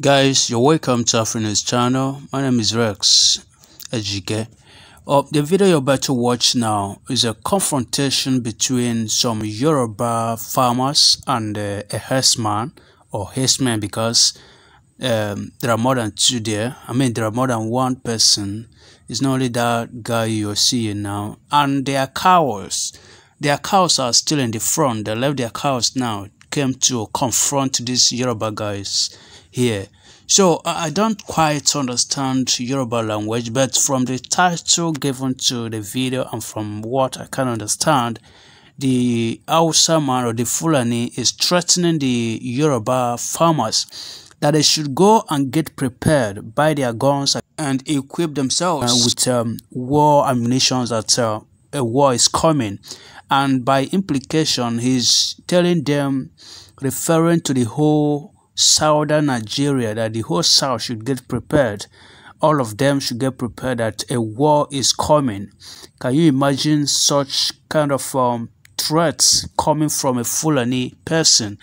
guys you're welcome to Afrina's channel my name is Rex Ejike uh, the video you're about to watch now is a confrontation between some Yoruba farmers and uh, a herdsman or herdsman because um, there are more than two there I mean there are more than one person it's not only that guy you're seeing now and their cows their cows are still in the front they left their cows now came to confront these Yoruba guys here. So I don't quite understand Yoruba language, but from the title given to the video and from what I can understand, the Hausa man or the Fulani is threatening the Yoruba farmers that they should go and get prepared, buy their guns and equip themselves uh, with um, war ammunition that uh, a war is coming. And by implication, he's telling them, referring to the whole southern Nigeria that the whole south should get prepared. All of them should get prepared that a war is coming. Can you imagine such kind of um, threats coming from a Fulani person?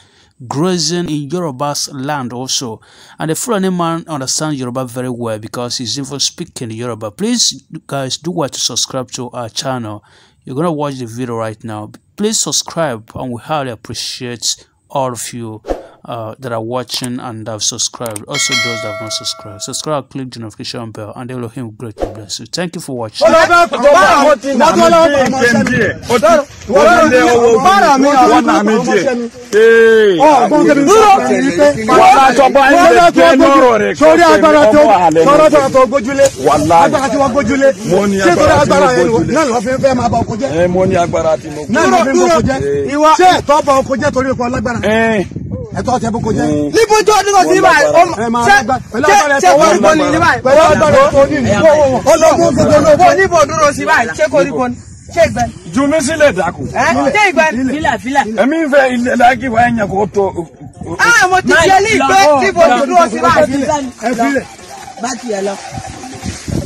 grazing in Yoruba's land also. And the Fulani man understands Yoruba very well because he's even speaking Yoruba. Please, guys, do watch. to subscribe to our channel. You're going to watch the video right now. Please subscribe and we highly appreciate all of you. uh, that are watching and have subscribed. Also those that have not subscribed. Subscribe, click the notification bell, and Elohim will greatly bless you. Thank you for watching. ìwà ẹ̀ ọkọ̀ jẹ́ torí ọkọ̀ alágbára ẹ̀tọ́ tẹ bó ko jẹ́. níbo tó ní kò sí báyìí o ṣe ṣe koríko ni ní báyìí. pẹ̀lú agbára tó ní ní. ológun gbogbo ló bó níbo dúró sí báyìí ṣe koríko ni ṣe ìgbẹ́. ju mi sílẹ̀ dàkú. ṣe ìgbẹ́ fílà fílà. èmi ń fẹ́ ilẹ̀ láàkì wáyé kò tó. a ah, mo ti ṣe ní ìgbẹ́ níbo dúró sí báyìí. ẹ fi bá tiẹ̀ lọ.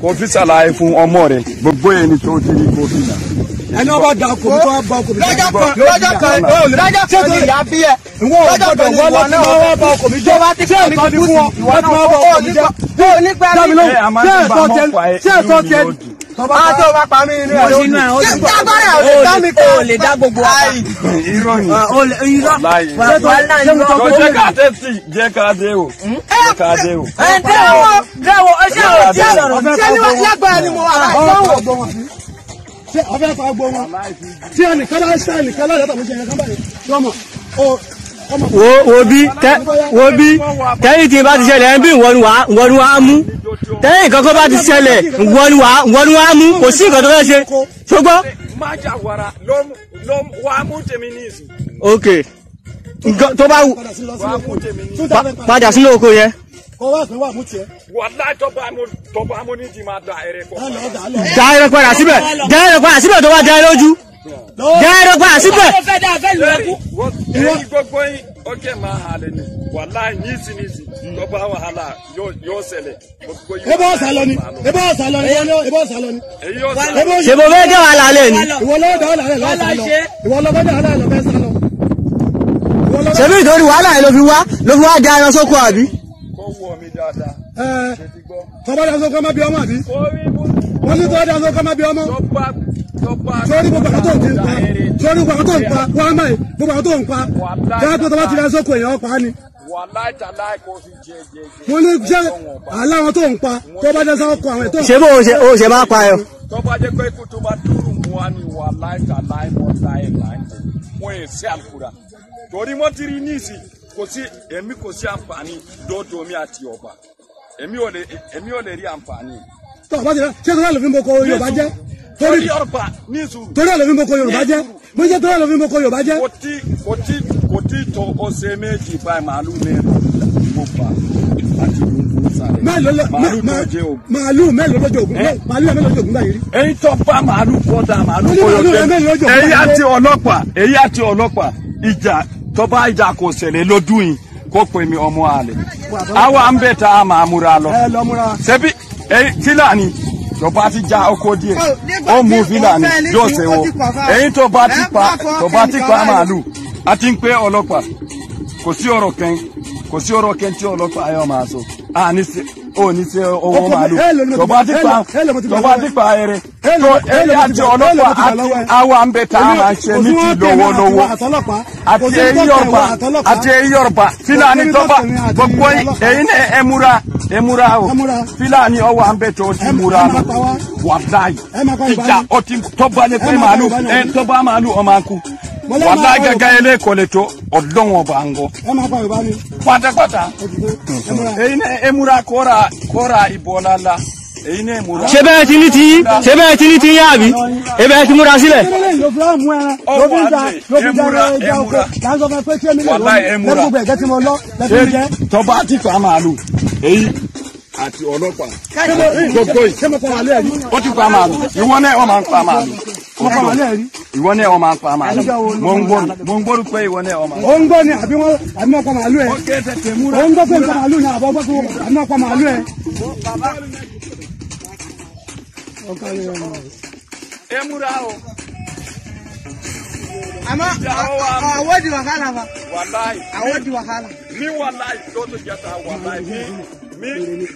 kò fi ṣàlàyé fún ọmọ rẹ gbogbo yẹn ni tó ti rí kò fi nà. ẹni wọn bá da kò tó bá kò fi jẹ kò fi jẹ kò fi jẹ lọ́jọ́ kan ní ìyá bí ẹ lọ́jọ́ kan ní ìwọ náà wọ́n bá kò fi jẹ tí ẹ̀ tọ́ ti fún ọ ìwọ náà wọ́n bá kò fi jẹ. ṣé ẹ̀tọ́ tẹ ṣé ẹ̀tọ́ tẹ a tó bá pa mí inú ẹ lójú ṣé dábàrà ò lè dá mi kan o lè dá gbogbo ọba irọ́ ni ah, irọ́ ṣé mo tọ́ jẹ́ ká dé sí jẹ́ ká dé o hm? jẹ́ ká dé o. ẹ dẹ́wọ̀ dẹ́wọ̀ ọṣẹ́ ò jẹ́ sọ̀rọ̀ ṣé ni wọ́n lágbára ni mo wà ah, láì lọ́wọ́ ṣé ọbẹ̀ kan gbọ́ wọn tí ẹnìkan láti ṣe ẹnìkan láti ṣe ẹnìkan báyìí lọ́mọ wo bí tẹ́yìn tí bá ti ṣẹlẹ̀ ń bí ìwọ́nu wa mú tẹ́yìn kankan bá ti ṣẹlẹ̀ wọ́n ni wàá mú kò sí nǹkan tó fẹ́ ṣe ṣùgbọ́n. májà wàrà ló wàá mú tèmi ní ìsìn. ok tó bá wù padà sínú oko yẹn kọ́wá ìpín wà mú tiẹ̀. wàlá tọ́ba mo tọ́ba mo ní ti máa da ẹrẹ pọ̀. da ẹrẹ padà síbẹ̀ da ẹrẹ padà síbẹ̀ tó bá da ẹ lójú jẹ́rọ̀gbà síbẹ̀. lórí gbogbo yín ó kẹ́ máa halẹ̀ ni wàláì ní ìsinyìí gbogbo wàhálà yóò ṣẹlẹ̀. ẹ bọ́ ọ̀sà lọ ni ẹ bọ́ ọ̀sà lọ ni ẹ bọ́ ọ̀sà lọ ni. ṣèbò fẹ́ jẹ́ wàhálà lẹ́ ni. ìwọ lọ́wọ́ dá wàhálà lẹ́ lọ́wọ́ sá lọ ìwọ lọ́wọ́ dá wàhálà lọ́wọ́ ṣèbí ìtòrí wàhálà yìí ló fi wá ló fi wá di ayan sóko àbí. kó wọ mi dáadáa. ẹ tọ́ bá dáa sóko ọmọ bí ọmọ àbí. wọ́n ní tọ́ dáa sóko ọmọ bí ọmọ sórí gbogbo àwọn tó ń pa sórí gbogbo àwọn tó ń pa wọ́n á máa gbogbo àwọn tó ń pa jáde tó bá ti lọ sóko èèyàn pa ni. mo ní jẹ́ aláwọn tó ń pa tó bá dẹ́sẹ̀ ọkọ àwọn ètò. ṣé bó o ṣe máa pa ẹ. tó bá jẹ́ pé kó tó bá dúró mu wa ni wà láìta láì mọ́ láì láì tẹ̀ wọ́n yẹn sí àkúrà torí wọ́n ti rí ní ìsìn kò sí èmi kò sí àǹfààní dọ́dọ̀ mi àti ọba èmi ò lè rí àǹfààní. tó torí torí àlọ́ fi mo kọ yorùbá jẹ́ mo jẹ́ torí àlọ́ fi mo kọ yorùbá jẹ́. kò tí kò tí kò tí tó ọ̀sẹ̀ méjì báyìí màálù mẹ́rin mo fà àti gbogbo sàlẹ̀. màálù mẹ́rin lọ́jọ́ ògùn màálù mẹ́rin lọ́jọ́ ògùn báyìí tó bá ti já oko díẹ̀ ó mú fílà ní yóò ṣe wọn ẹ̀yin tó bá ti pa tó bá ti pa màálù a ti ń pé ọlọ́pàá kò sí ọ̀rọ̀ kan kò sí ọ̀rọ̀ kan tí ọlọ́pàá yóò máa sọ àní ṣe owó màálù pa tó bá ti pa ẹrẹ. ẹni àti ọlọ́pàá àwọn àmbẹ̀tà àṣẹ ní ti lọ́wọ́lọ́wọ́ àti èyí Yorùbá àti èyí Yorùbá Fúlàní tọ́ba gbogbo èyí ni ẹ múra o Fúlàní ọwọ́ àmbẹ̀tà ó ti múra lọ wàláyì ìjà ọtí tọ́ba ni pé màálù tọ́ba màálù ọmọ akú gẹ́gẹ́ ń gọ. pátápátá ni ìbọ̀lá la. sebe bẹ́ẹ̀ ti ní ti yín ṣé bẹ́ẹ̀ ti ní ti yín àbí ti múra sílẹ̀. tọ́ba ti fa màálù èyí àti ọlọ́pàá gbogbo yìí ó ti fa màálù ìwọ náà wọ́n máa ń fa màálù ìwọ náà wọ́n máa ń fa màálù mo ń gbọ́rù mo ń gbọ́rù pé ìwọ náà wọ́n máa. ó ń gbọ́ ni àbí wọ́n àbí wọ́n pa màálù ẹ̀ ó ń gbọ́ pé nǹkan màálù ni àbọ̀ gbọ́ àbí wọ́n pa màálù ẹ̀ é emurao ama a wadi wahala ba wallahi a wadi o ni wallahi to jata dia mi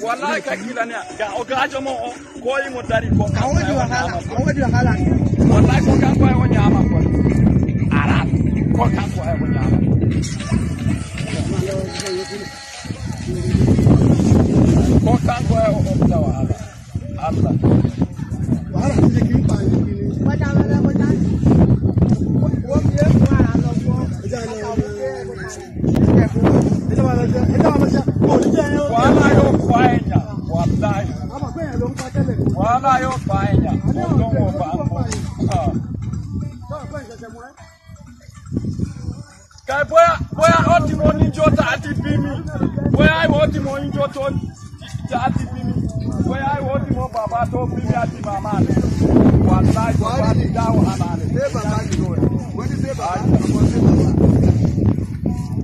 wallahi ka kila ne ga o ga jamo o ko Coi mo dari ko ka o wahala a wadi wahala wallahi ko kan ko wani ama ko Arat. ko kan ko o ama wàhálà yóò fa ẹ̀yà wàhálà yìí wàhálà yóò fa ẹ̀yà ọlọ́wọ́ bá ń bọ̀. kẹ bóyá bóyá ó ti mọ níjọ́ tá ti bí mi bóyá ìwọ ti mọ níjọ́ tó tá ti bí bàbá tó bí mi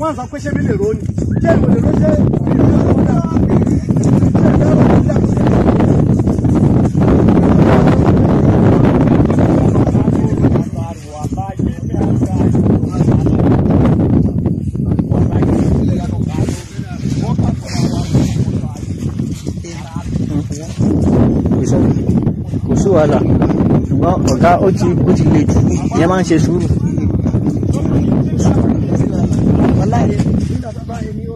wọ́n sọ pé ṣé mi lè ro ṣé ìwé lè ro ṣé mi lè ro dà ṣé ìfẹ́ ro dà ṣé. kò sí wàhálà ṣùgbọ́n ọ̀gá ó ti ó ti le jù ìyẹn máa ń ṣe sùúrù. 拜年。